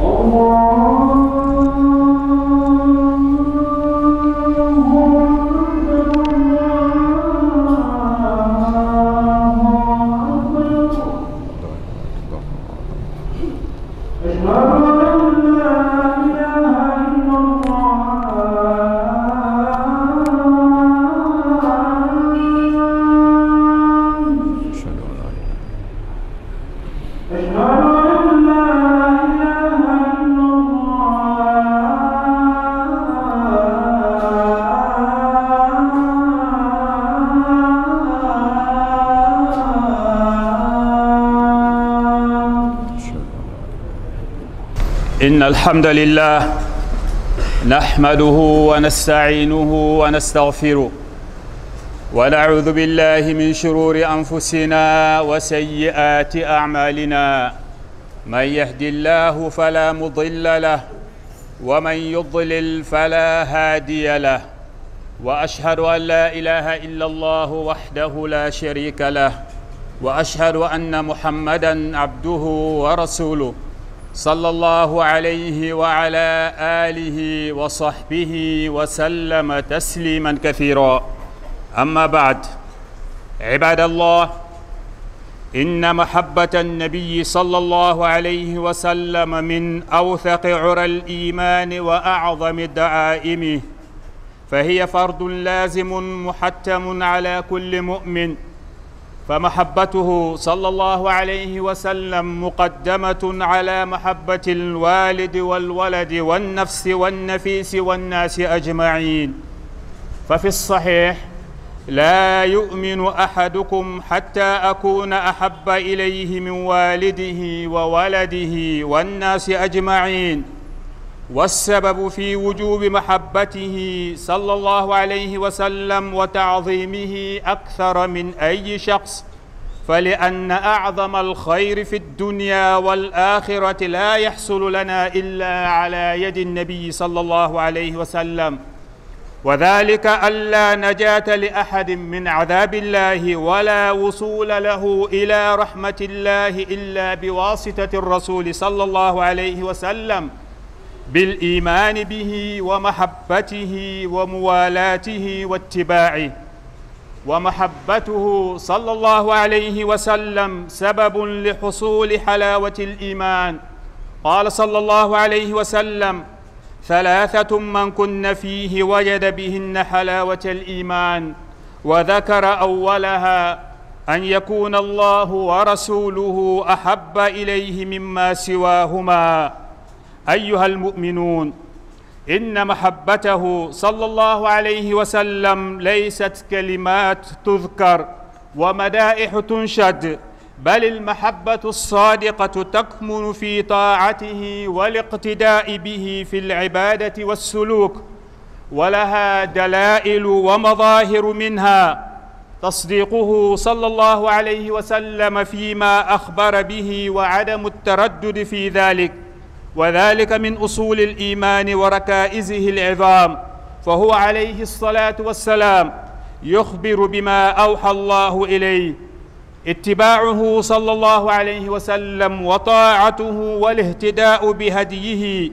Allah. الحمد لله نحمده ونستعينه ونستغفره ونعوذ بالله من شرور أنفسنا وسيئات أعمالنا من يهدي الله فلا مضل له ومن يضلل فلا هادي له وأشهد أن لا إله إلا الله وحده لا شريك له وأشهد أن محمدًا عبده ورسوله صلى الله عليه وعلى آله وصحبه وسلم تسليما كثيرا أما بعد عباد الله إن محبة النبي صلى الله عليه وسلم من أوثق عرى الإيمان وأعظم دعائمه فهي فرض لازم محتم على كل مؤمن فمحبته صلى الله عليه وسلم مقدمة على محبة الوالد والولد والنفس والنفيس والناس أجمعين ففي الصحيح لا يؤمن أحدكم حتى أكون أحب إليه من والده وولده والناس أجمعين والسبب في وجوب محبته صلى الله عليه وسلم وتعظيمه أكثر من أي شخص فلأن أعظم الخير في الدنيا والآخرة لا يحصل لنا إلا على يد النبي صلى الله عليه وسلم وذلك ألا نجاة لأحد من عذاب الله ولا وصول له إلى رحمة الله إلا بواسطة الرسول صلى الله عليه وسلم بالايمان به ومحبته وموالاته واتباعه ومحبته صلى الله عليه وسلم سبب لحصول حلاوه الايمان قال صلى الله عليه وسلم ثلاثه من كن فيه وجد بهن حلاوه الايمان وذكر اولها ان يكون الله ورسوله احب اليه مما سواهما أيها المؤمنون إن محبته صلى الله عليه وسلم ليست كلمات تذكر ومدائح تنشد بل المحبة الصادقة تكمن في طاعته والاقتداء به في العبادة والسلوك ولها دلائل ومظاهر منها تصديقه صلى الله عليه وسلم فيما أخبر به وعدم التردد في ذلك وذلك من أصول الإيمان وركائزه العظام فهو عليه الصلاة والسلام يخبر بما أوحى الله إليه اتباعه صلى الله عليه وسلم وطاعته والاهتداء بهديه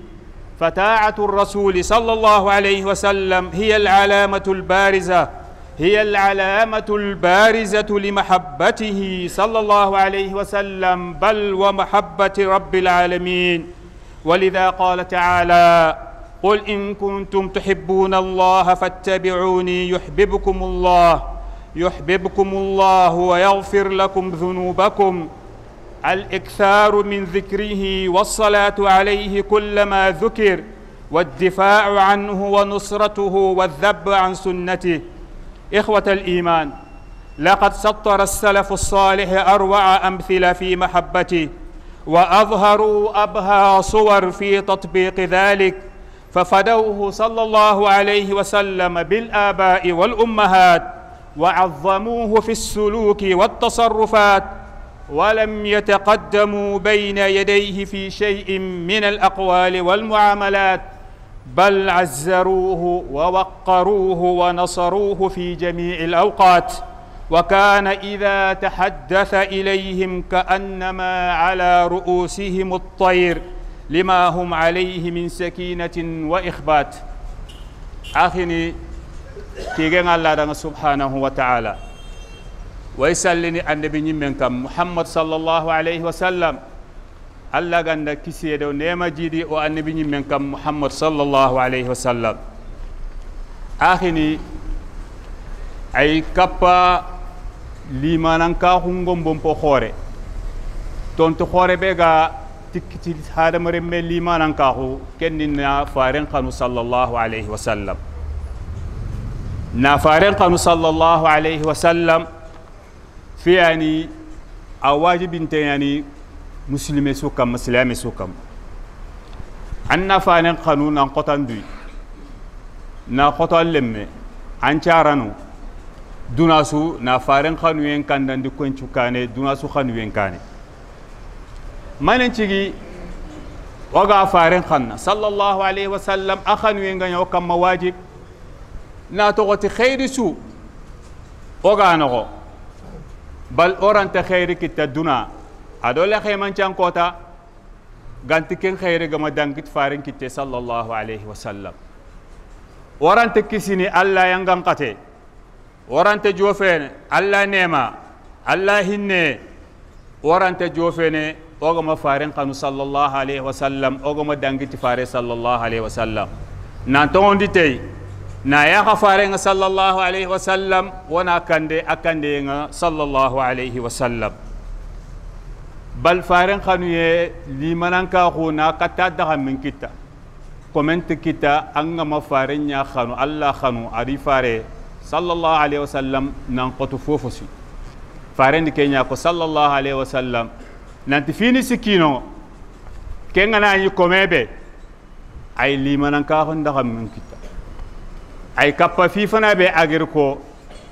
فتاعة الرسول صلى الله عليه وسلم هي العلامة البارزة هي العلامة البارزة لمحبته صلى الله عليه وسلم بل ومحبة رب العالمين ولذا قال تعالى قل إن كنتم تحبون الله فاتبعوني يحببكم الله يحببكم الله ويغفر لكم ذنوبكم الإكثار من ذكره والصلاة عليه كلما ذكر والدفاع عنه ونصرته والذب عن سنته إخوة الإيمان لقد سطر السلف الصالح أروع أمثلة في محبته وأظهروا أبهى صور في تطبيق ذلك ففدوه صلى الله عليه وسلم بالآباء والأمهات وعظموه في السلوك والتصرفات ولم يتقدموا بين يديه في شيء من الأقوال والمعاملات بل عزروه ووقروه ونصروه في جميع الأوقات وكان إذا تحدث إليهم كأنما على رؤوسهم الطير لما هم عليه من سكينة وإخبات أخني تيجن الله سبحانه وتعالى ويسألني عن نبي منكم محمد صلى الله عليه وسلم الله عند كسيدو نيما جدي وأن نبي منكم محمد صلى الله عليه وسلم أخني أي كبا li manan ka hungo po khore tonto khore be ga tikkiti hadamare me li manan ka hu kenina faren kanu sallallahu alaihi wasallam na faren kanu sallallahu alaihi wasallam fi yani awajibin te yani muslime su kam musulmi su kam an na faren kanu nan kotan na kotan lemme an charanu dunasu na faren khanuyen kandan di kwen chukane dunasu khanuyen kane manen chigi waga faren khanna sallallahu alaihi wasallam akhanuyen ganyo kam mawajib na togoti khairi su oga nogo bal oranta khairi kita duna adola khayman chan kota ganti ken khairi gama dangit faren kitte sallallahu alaihi wasallam oranta kisini alla yangan qate warante jofene alla nema alla hinne warante jofene ogoma faren kanu sallallahu alaihi wasallam ogoma dangiti fare sallallahu alaihi wasallam nan togondi tey na yaxa farenga sallallahu alaihi wasallam wona kande a kandeyenga sallallahu alaihi wasallam bal faren xanu ye limananka xuna katta daxa min kitta comment kita angama faren ña xanu allah xanu adi fare sallallahu alaihi wasallam nan qotu fofo si farendi kenya ko sallallahu alaihi wasallam nanti fini sikino kenga na yi komebe ay limanan ka hon da min kita ay kappa fi fana be agir ko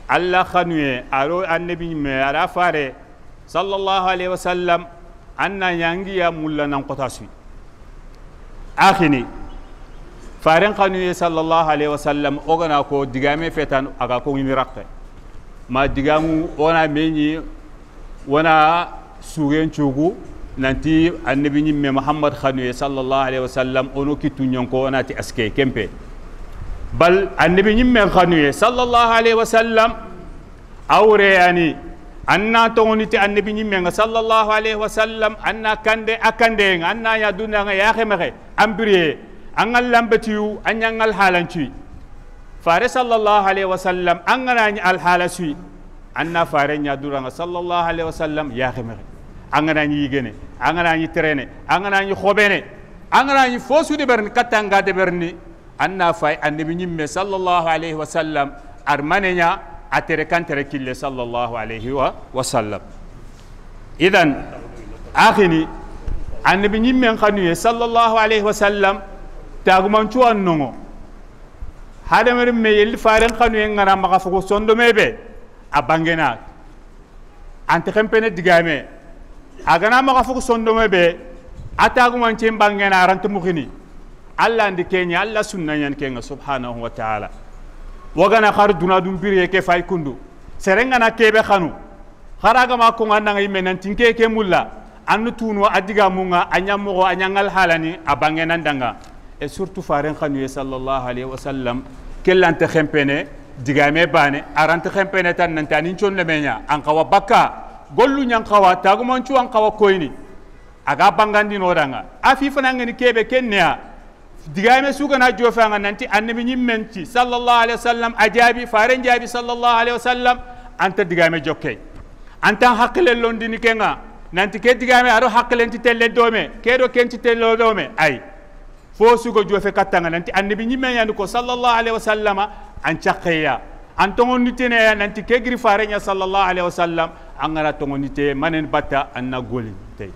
allah khanuye aro annabi me ara fare sallallahu alaihi wasallam anna yangi ya mulla nan qotasi akhini فارن قانوني صلى الله عليه وسلم أغنى كو دغامي فتان أغا كو نيراقت ما دغامو أنا ميني وانا سوغين تشوغو نانتي النبي ني محمد خانوي صلى الله عليه وسلم اونو كي تونيون كو اناتي اسكي كيمبي بل النبي ني مي خانوي صلى الله عليه وسلم اوري اني أنا توني تي النبي ني مي صلى الله عليه وسلم أنا كاندي اكاندي أنا يا دونا يا خمره امبريه angal lambatiu anyangal halanchi fare sallallahu alaihi wasallam angana ny al halasi anna fare nya duranga sallallahu alaihi wasallam ya khimere angana ny yigene angana ny terene angana ny khobene angana ny fosu de berni katanga de berni anna fay annabi nyimme sallallahu alaihi wasallam armanenya atere kantere kille sallallahu alaihi wa wasallam idan akhini annabi nyimme khanuye sallallahu alaihi wasallam taguman tagumancuwan nongo hada hadamarin me yelli faren kanu en ngana maga sogo sondo mebe abangena ante kempene digame agana maga sogo sondo mebe atagumancen bangena arante mukini allah ndi kenya allah sunnanyan kenga subhanahu wa ta'ala wagana khar duna dum biriye ke fay kundu serenga na kebe khanu kharaga ma ko ngana ngi menan tinke ke mulla annu tunu adiga munga anyamugo anyangal halani abangena ndanga e surtout faren xanuye sallallahu alayhi wa sallam kellante xempene digame bane arante xempene tan nanta nin con lemeña an xawa bakka gollu ñan xawa tagumancu an xawa koyni aga bangandinoɗanga a fi fanangeni keɓe ken neya digame sugana jofanga nanti annabi menti sallallahu alayhi wa sallam a jaabi faren jaabi sallallahu alayhi wa sallam anta digame jokkey antan hakkilellondini kenga nanti ke digame aɗo hakkilenti telle dome keɗo kenci telle dome ay fo sugo jofe kattanga nanti annabi ñimme yani ko sallallahu alaihi wasallama an cakkeya an togoniteneya nanti ke giri fareña sallallahu alaihi wasallam an gana togonite manen batta an na golin tey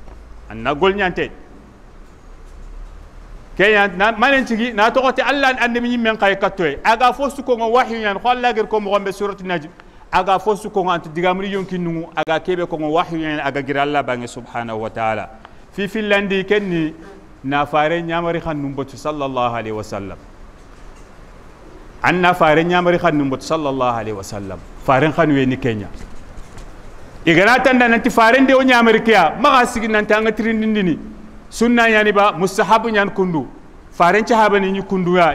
an na golñantey keya manen cigi na togote allah annabi ñimmen kaye kattoye aga fo sukongo wahyuñan ko allah gir ko mogonɓe surati najm aga fo sukongo anti digamri yonkinnungu aga keɓe kongo wahyuñan aga gir allah bange subhanahu wa taala fifillandi kenni na fare nyamari khan numbotu sallallahu alaihi wasallam anna fare nyamari khan numbotu sallallahu alaihi wasallam faren khan weni kenya igana tanda nanti faren de o nyamari kiya maga sigi nanti anga tirindindini sunna yani ba mustahabu nyan kundu faren chahabani ni kundu ya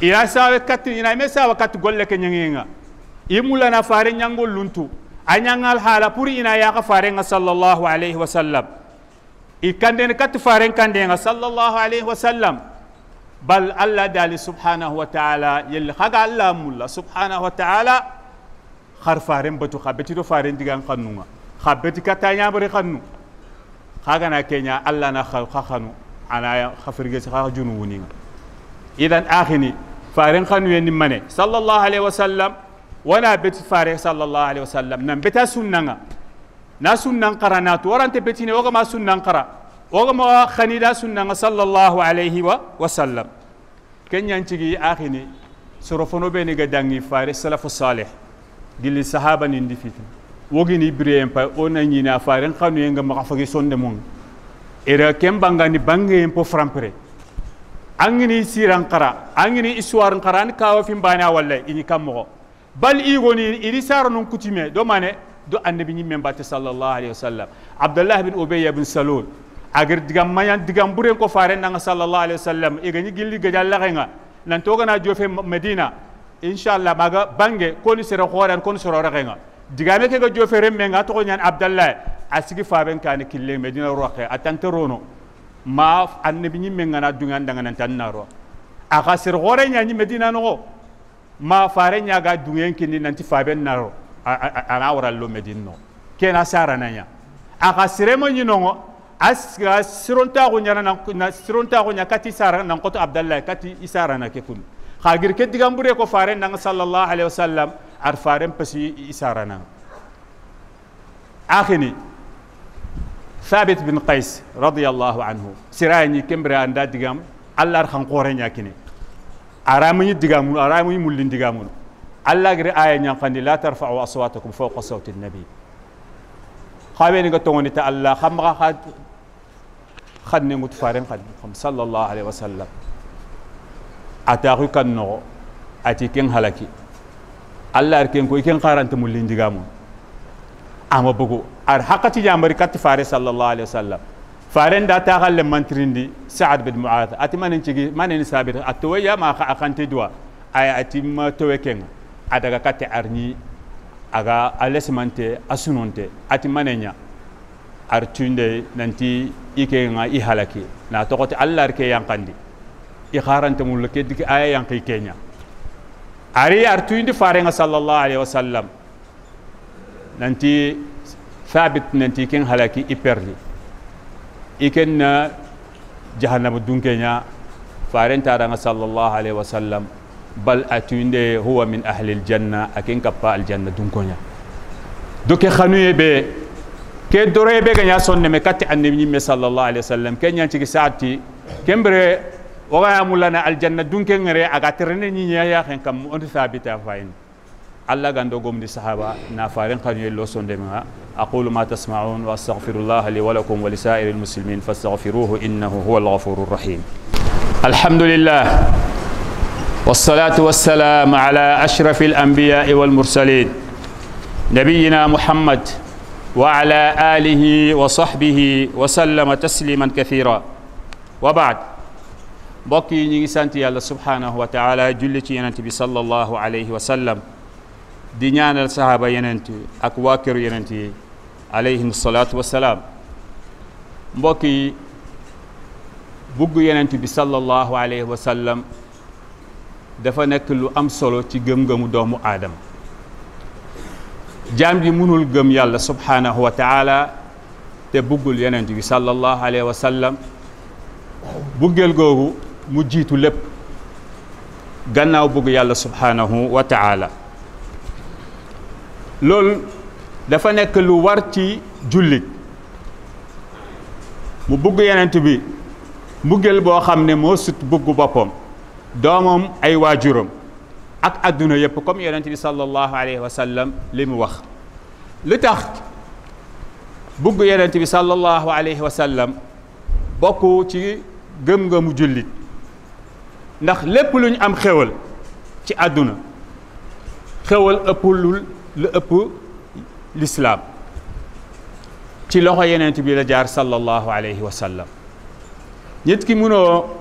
ira sawe katti ina me sawa katti golle ke nyangenga imula na faren nyangol luntu anyangal hala puri ina ya ka faren sallallahu alaihi wasallam ikanden kat faren kandenga sallallahu alaihi wasallam bal allah dali subhanahu wa ta'ala yel khaga allah mulla subhanahu wa ta'ala khar faren batu khabeti do faren digan khannunga khabeti katanya bari khannu khaga na kenya allah na khal khakhanu ala khafirge sa junu wuninga idan akhini faren khannu yen mane sallallahu alaihi wasallam wana beti faren sallallahu alaihi wasallam nan beta sunnanga na sunnan qara na to warante betine oga ma sunnan qara oga ma khanida sunnan sallallahu alaihi wa wa sallam kenyan cigi akhini sorofono be ne ga dangi fare salafu salih dilli sahaba ni ndi fitin wogini ibrahim pa ona nyina fare khanu yenga ma fagi sonde mun era kembanga ni bangi po frampre angini siran qara angini iswar qara an kawo fim bana walla ini kammo bal igoni iri saro non kutime do mane do annabi ñimmen batte sallallahu alayhi wa sallam abdullah bin ubayya bin salul agir digam mayan digam buren ko fare nanga sallallahu alayhi wa sallam e gani gilli gajal laxenga nan togana jofe medina inshallah maga bange koni sere xoran koni soro raxenga digame ke ga jofe remmenga toxo ñan abdallah a sigi faben kani kille medina roxe a tante rono ma annabi ñimmengana dungan danganan tan naro axa sere xore ñañi medina noxo ma fare ñaga dungen kini nanti faben naro ana wara lomedin no kena sara nanya aka siremo nyinongo asira sironta go nyana na sironta go ti sara nan koto abdallah kati isara na ke kun khagir ke digambure ko fare nang sallallahu alaihi wasallam ar fare pesi isara na akhini ثابت بن قيس رضي الله عنه سراني كمبر أن دادقام الله أرخان قورين يكني أرامي دقامون أرامي مولين دقامون الله آية لا ترفعوا أصواتكم فوق صوت النبي خابين قتوني تألا خم غاد خدني متفارن خد صلى الله عليه وسلم أتاقو كنو أتي كن هلكي الله أركين كوي كن قارن تملين دجامون أما بقو أرحقتي جامري كت فارس صلى الله عليه وسلم فارن داتا غل من تريندي سعد بن معاذ أتي ما ننتجي ما ننسابر أتوي يا ما خا أخنتي دوا أي أتي ما توي كنو a daga ka te arni aga alesmante asunonte ati manenya artunde nanti ike nga i halaki na tokote allar ke yankandi i kharante mul ke dik aya yanki kenya ari artunde fare nga sallallahu alaihi wasallam nanti thabit nanti ken halaki i perli iken na jahannam dunkenya faren taranga sallallahu alaihi wasallam بل أتوندي هو من أهل الجنة أكين كبا الجنة دونكونيا دوكي خانوية بي كي دوري بي كنيا سنة مكاتي عن نبني صلى الله عليه وسلم كي نيانتك ساعتي كم بري وغايا مولانا الجنة دونكي نري أغاترين نيني يا خين كم أنت ثابت أفاين الله غندو قوم دي صحابة نافارين خانوية لو سنة أقول ما تسمعون وأستغفر الله لي ولكم ولسائر المسلمين فاستغفروه إنه هو الغفور الرحيم الحمد لله والصلاة والسلام على أشرف الأنبياء والمرسلين نبينا محمد وعلى آله وصحبه وسلم تسليما كثيرا وبعد بقي نيسانتي الله سبحانه وتعالى جلتي ينتي صلى الله عليه وسلم di الصحابة ينتي أكواكر ينتي عليهم الصلاة والسلام بقي بقي ينتي بصلى الله عليه وسلم dafa nekk lu am solo ci gëm-gëmu doomu aadama jaam ji mënul gëm yàlla subhaanahu wa taala te buggul yonent bi sallallahu alayhi wa sallam buggeel googu mu jiitu lépp gannaaw bugg yàlla subhaanahu wa taala loolu dafa nekk lu war ci jullit mu bugg yonent bi buggeel boo xam ne sut bugg boppam doomam ay waajuram ak àdduna yépp comme yonent bi sallallahu alayhi wa sallam li mu wax lu tax bugg yonent bi sallallahu alayhi wa sallam bokk ci gëm-ngëmu jullit ndax lépp lu ñu am xéwal ci àdduna xéwal ëppulul lu ëpp lislaam ci loxo yonent bi la jaar sallallahu alayhi wa sallam nit ki munoo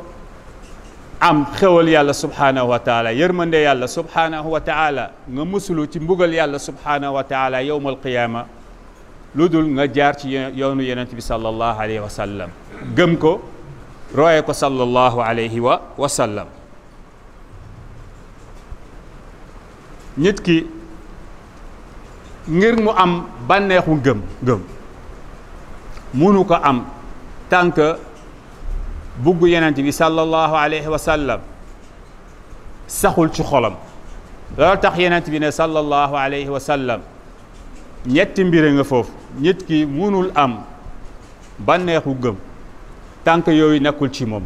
am xewal yàlla subhanahu wa taala yërmande yàlla subhanahu wa taala nga musulu ci mbugal yàlla subhanahu wa taala yowmal qiyamah ludul nga jaar ci yoonu yonent bi sallallahu alayhi wa sallam gëm ko roye ko sallallahu alayhi wa wa sallam nit ki ngir mu am banexu gëm gëm munu ko am tant que bugg yenent bi sallallahu alayhi wa sallam saxul ci xolam loolu tax yenent bi ne sallallahu alayhi wa sallam ñetti nga foofu nit ki munul am bànneexu gëm tànk yooyu nekkul ci moom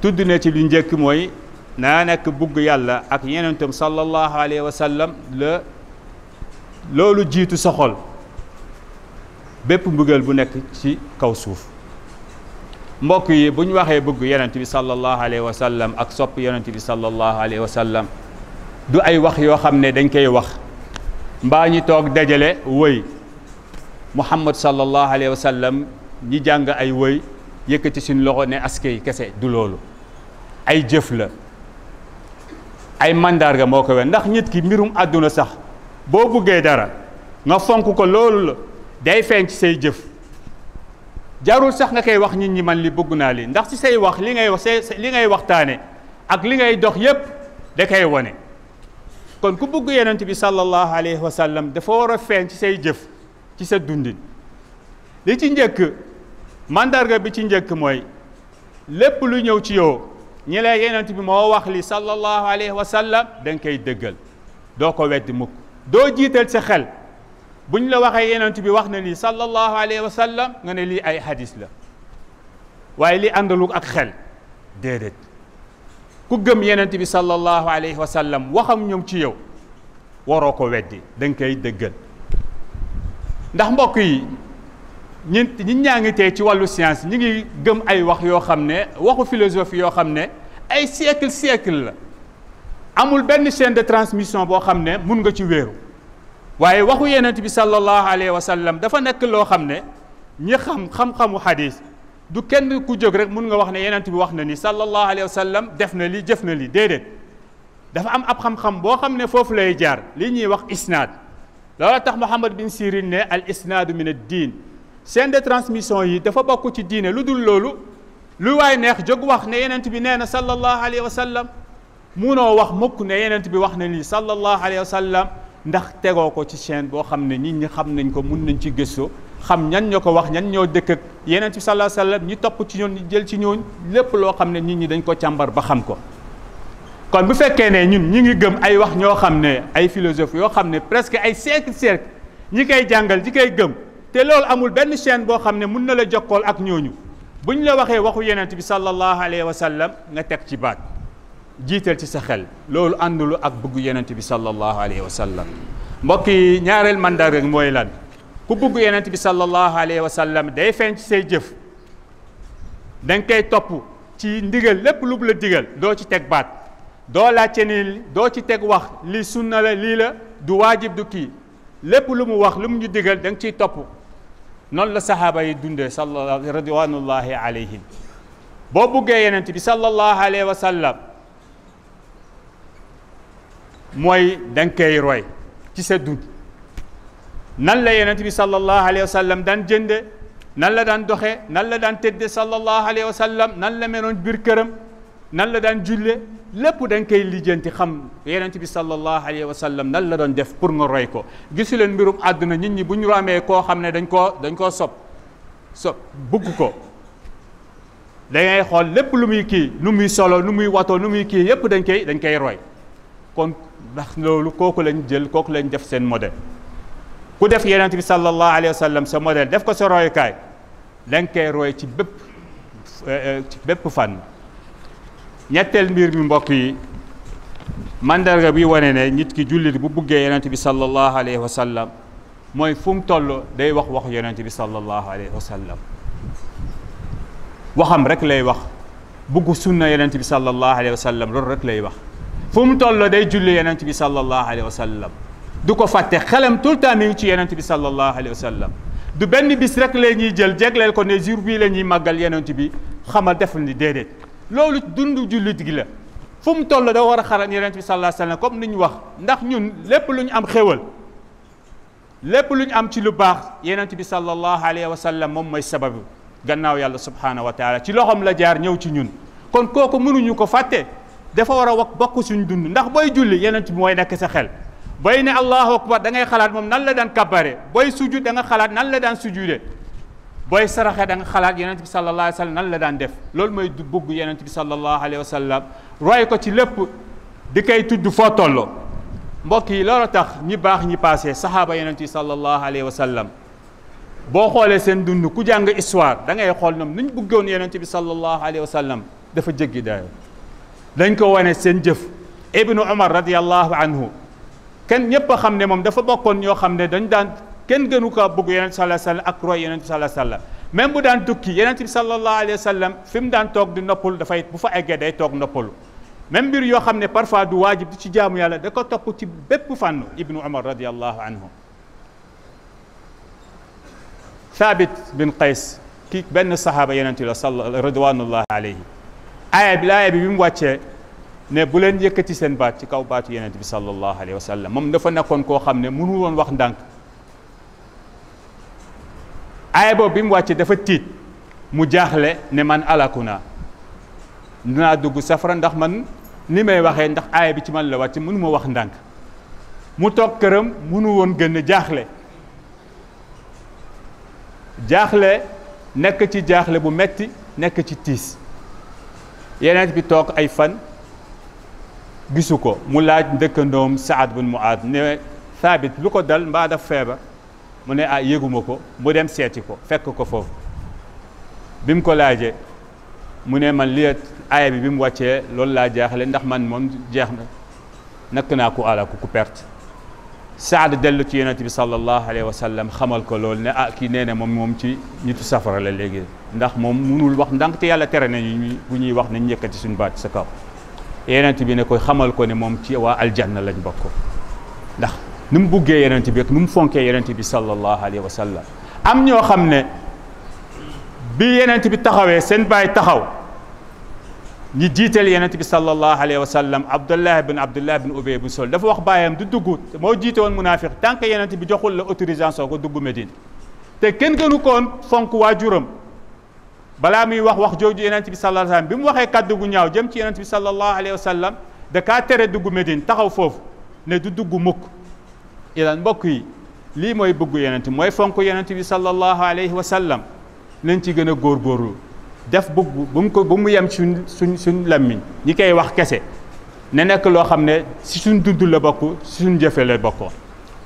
tudd na ci lu njëkk mooy naa nekk bugg yàlla ak yenentam sallallahu alayhi wa sallam la loolu jiitu sa xol bépp mbugal bu nekk ci kaw suuf mbok yi buñ waxé bëgg yaronte bi sallallahu alayhi wa sallam ak sopp yaronte bi sallallahu alayhi wa sallam du ay wax yo xamné dañ koy wax mbaa ñi toog dajale wëy muhammad sallallahu alayhi wa sallam ñi jàng ay wëy yëkëti suñ loxo ne askay kessé du lolu ay jëf la ay mandarga moo ko wen ndax nit ki mirum aduna sax bo buggee dara nga fonk ko lolu day fën ci say jëf jarul sax nga kay wax nit ñi man li bëgg naa li ndax ci say wax li ngay wax li ngay waxtane ak li ngay dox yépp da kay woné kon ku bëgg yenen tibi sallallahu alayhi wa sallam da fo a feeñ ci say jëf ci sa dundin li ci ñëk mandarga bi ci ñëk moy lépp lu ñëw ci yow ñi lay yenen tibi mo wax li sallallahu alayhi wa sallam da ngay dëggal do ko weddi mukk do jiital ci xel buñ la waxe yonent bi wax na lii sallallahu alayhi wa sallam nga ne lii ay hadith la waye li àndaluk ak xel dedet ku gëm yonent bi sallallahu alayhi wa sallam waxam ñom ci yow waro ko weddi dang kay dëggal ndax mbokk yi ñun ñi ñangi te ci walu science ñi ngi gëm ay wax yo xamne waxu philosophie yo xamne ay siècle siècle la amul ben chaîne de transmission bo xamne mën nga ci wéru waye waxu yenent bi sallallahu alayhi wa sallam dafa nek lo xamne ñi xam xam-xamu hadith du kenn ku jóg rek mun nga wax ne yenent bi wax na ni sallallahu alayhi wa sallam def na li jëf na li dedet dafa am ab xam-xam bo xamne fofu lay jaar li ñi wax isnaad la tax Muhammad bin Sirin ne al isnad min ad din sen de transmission yi dafa bokku ci diine lu dul loolu lu way neex jóg wax ne yenent bi nee sallallahu alayhi wa sallam munoo wax mukk ne yenent bi wax na ni sallallahu alayhi wa sallam ndax tegoo ko ci chaîne boo xam ne nit ñi xam nañ ko mun nañ ci gëstoo xam ñan ñoo ko wax ñan ñoo dëkk ak yeneen ci sallallahu alayhi wasallam ñi topp ci ñoon ñi jël ci ñooñ lépp loo xam ne nit ñi dañ ko càmbar ba xam ko kon bu fekkee ne ñun ñi ngi gëm ay wax ñoo xam ne ay philosophe yoo xam ne presque ay siècle siècle ñi koy jàngal ñi koy gëm te loolu amul benn chaîne boo xam ne mun na la jokkool ak ñooñu bu ñu la waxee waxu yeneen bi sallallahu alayhi wasallam nga teg ci baat jiital ci sa xel loolu àndulu ak bëgg yonent bi sallallahu alayhi wa sallam mbokk yi ñaareel mandar rek mooy lan ku bëgg yonent bi sallallahu alayhi wa day feeñ ci say jëf da nga koy ci ndigal lépp lu la digal doo ci teg baat doo laajte ni doo ci teg wax lii sunna la lii la du waajib du kii lépp lu mu wax lu mu ñu digal da nga ciy topp la sahaaba yi dundee salla radwanullahi alayhim boo buggee yonent bi sallallahu alayhi wa mooy da nga koy roy ci sa dund nan la yonent bi sallallahu alayhi wa sallam daan jënde nan la daan doxee nan la daan tëdde sallallahu alayhi wa sallam nan la meloon biir këram nan la daan julle lépp da nga koy xam yonent bi sallallahu alayhi wa nan la doon def pour nga roy ko gisu mbirum àdduna nit ñi bu ñu romee koo dañ koo dañ koo sob sob bugg ko da ngay xool lépp lu muy kii nu muy solo nu muy watoo nu muy kii yépp dañ koy dañ koy roy kon ndax loolu kooku lañ jël kooku lañ def seen modèle ku def yonent bi sallallahu alayhi wa sallam sa modèle def ko sa royukaay da nga koy roy ci bépp ci bépp fànn ñetteel mbir mi mbokk yi mandarga bi wane ne nit ki jullit bu buggee yonent bi sallallahu alayhi wa sallam mooy fu mu toll day wax wax yonent bi sallallahu alayhi wa sallam waxam rek lay wax bugg sunna yonent bi sallallahu alayhi wa sallam loolu rek lay wax fu mu toll day julli yonent bi sallallahu alayhi wa sallam du ko fàtte xelam tout le temps mi ngi ci yonent bi sallallahu alayhi wa sallam du benn bis rek la ñuy jël jegleel ko ne jour bii la ñuy màggal yonent bi xamal defal ni déedéet loolu dund jullit gi la fu mu toll da war a xalaat yonent bi sallallahu alayhi wa sallam comme ni ñu wax ndax ñun lépp lu ñu am xéwal lépp lu ñu am ci lu baax yonent bi sallallahu alayhi wa sallam moom mooy sababu gannaaw yàlla subhanahu wa taala ci loxoom la jaar ñëw ci ñun kon kooku mënuñu ko fàtte dafa war a wax bokk suñ dund ndax booy julli yeneen bi mooy nekk sa xel booy ne allahu akbar da ngay xalaat moom nan la daan kabbare booy sujud da nga xalaat nan la daan sujude booy saraxe da nga xalaat yeneen bi sallallahu alayhi wa sallam nan la daan def loolu mooy bugg yeneen bi sallallahu alayhi wa sallam roy ko ci lépp di koy tudd foo tolloo mbokk yi loolu tax ñi baax ñi passé saxaaba yeneen bi sallallahu alayhi wa sallam boo xoolee seen dund ku jàng histoire da ngay xool ñoom nuñ bëggoon yeneen bi sallallahu alayhi wa sallam dafa jéggi dayoo dañ ko wane seen jëf ibnu umar radiallahu anhu kenn ñëpp a xam ne moom dafa bokkoon ñoo xam ne dañ daan kenn gënu kaa bëgg yonent sallallahu alayhi wa sallam ak roy yonent sallallahu alayhi wa sallam même bu daan tukki yonent bi sallallahu alayhi wa sallam fi mu daan toog di noppalu dafay bu fa eggee day toog noppalu même mbir yoo xam ne parfois du waajib du ci jaamu yàlla da ko topp ci bépp fànn ibnu umar radiallahu anhu thabit bin qays kii benn sahaaba yonent la sal ridwanullahi alayhi aya bi laaya bi bi mu wàccee ne bu len yekati sen baat ci kaw baatu yenen bi sallallahu alayhi wasallam mom dafa nekkon ko xamne munu won wax ndànk aaya boobu bi wacce dafa tit mu jaxle ne man alakuna na dugu safara ndax man ni may waxe ndax aaya bi ci man la wacce munu mo wax ndànk mu tok kërëm munu won gën jaxle jaxle nek ci jaxle bu metti nek ci tiis yeneen bi toog ay fan gisu ko mu laaj dëkkandoom Saad bun Muaad ne Thabit lu ko dal mbaa daf feebar mu ne ah yëguma ko mu dem seeti ko fekk ko foofu bi ko laajee mu ne man li aaya bi bi mu wàccee loolu laa jaaxle ndax man moom jeex na nakk naa ku ala ku ku perte سعد دلت ينتبي صلى الله عليه وسلم خمل كلول نا كي نينا موم مومتي نيتو سافر لا ليغي نдах موم مونول واخ ندانك تي يالا تري ناني بو ني واخ ناني نيكاتي سون بات سا كاب ينتبي نكو خمل كو ني مومتي وا الجنه لا نبوك نдах نم بوغي ينتبي اك نم فونكي ينتبي صلى الله عليه وسلم ام نيو خامني بي ينتبي تخاوي سين باي تخاوي ñi jiital yenent bi sallallahu alayhi wa sallam abdullah bin abdullah bin ubay bin sol dafa wax bàyyam du dugg moo jiite woon munafiq tant que yenent bi joxul la autorisation ko dugg medine te kenn gënu koon fonk waajuram balaa muy wax wax jooju yenent bi sallallahu alayhi wa sallam bi mu waxee kàddu gu ñaaw jëm ci yenent bi sallallahu alayhi wa sallam da kaa tere dugg medine taxaw foofu ne du dugg mukk ilan mbokk yi lii mooy bëgg yenent mooy fonk yenent bi sallallahu alayhi wa sallam nañ ci gën a góorgóorlu def bu bu mu ko bu mu yem suñ suñ suñ làmmiñ ñi koy wax kese ne nekk loo xam ne si suñ dund la bokk si suñ jëfe la bokkoon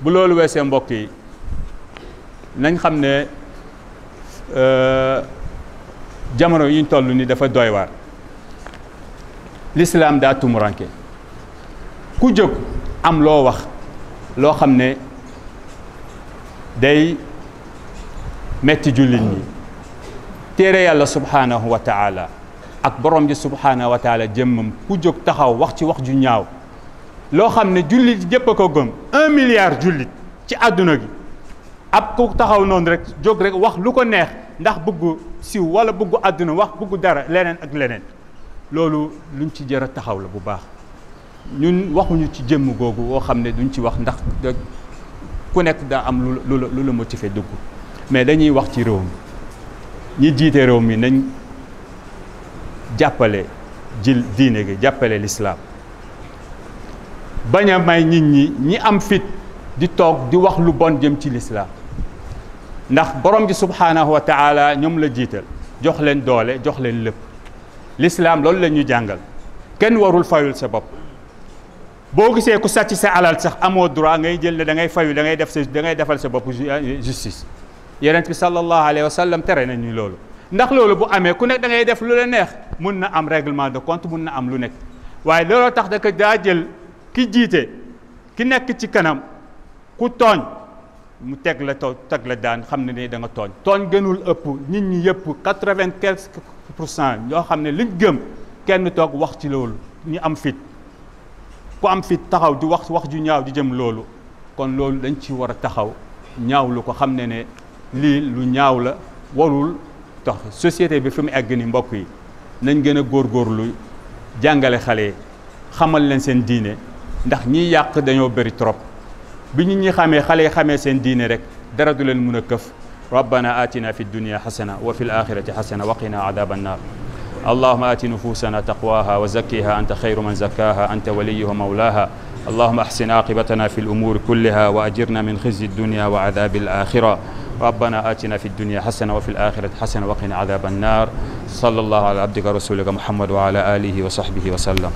bu loolu weesee mbokk yi nañ xam ne euh, jamono yi ñu toll ni dafa doy waar lislaam daa tumuranke ku jóg am loo wax loo xam ne day metti jullit ñi تيري الله سبحانه وتعالى اكبرم جي سبحانه وتعالى جمم كو جوك تخاو وقتي وقت جو نياو لو خامني جوليت جيب كو گم 1 مليار جوليت تي ادونا جي اب كو تخاو نون رك جوك رك واخ لوكو نيه نده بوغو سي ولا بوغو ادونا واخ بوغو دارا لنين اك لنين لولو لون تي جيرا تخاو لا بو باخ نون واخو نيو تي جيم گوغو و خامني دون تي واخ نده كو نيك دا ام لولو لولو موتيفي دوغو مي داني واخ تي رووم ñi jité réew mi nañ jàppale ji diine gi jàppale l'islam baña may nit ñi ñi am fit di tok di wax lu bon jëm ci l'islam ndax borom bi subhanahu wa taala ñom la jital jox leen doole jox leen lépp l'islam loolu lañu jàngal kenn warul fayul sa bopp boo gisee ku sàcc sa alal sax amoo droit ngay jël ne da ngay fayu da ngay def da ngay defal sa bopp justice yonent bi sallallahu alayhi wa sallam tere nañ ñu loolu ndax loolu bu amee ku nekk da ngay def lu la neex mun na am règlement de compte mun na am lu nekk waaye looloo tax da ko daa jël ki jiite ki nekk ci kanam ku tooñ mu teg la to teg la daan xam ne ni da nga tooñ tooñ gënul ëpp nit ñi yëpp quatre vingt quinze pour cent ñoo xam ne liñ gëm kenn toog wax ci loolu ñu am fit ku am fit taxaw di wax wax ju ñaaw di jëm loolu kon loolu dañ ci war a taxaw ñaawlu ko xam ne ne lii lu ñaaw la warul tax société bi fi mu egg ni mbokk yi nañ gën a góorgóorlu jàngale xale yi xamal leen seen diine ndax ñiy yàq dañoo bëri trop bi ñu ñi xamee xale yi xamee seen diine rek dara du leen mun a këf ربنا آتنا في الدنيا حسنة وفي الآخرة حسنة وقنا عذاب النار اللهم آت نفوسنا تقواها وزكها أنت خير من زكاها أنت وليها مولاها اللهم أحسن عاقبتنا في الأمور كلها وأجرنا من خزي الدنيا وعذاب الآخرة ربنا آتنا في الدنيا حسنة وفي الآخرة حسنة وقنا عذاب النار صلى الله على عبدك ورسولك محمد وعلى آله وصحبه وسلم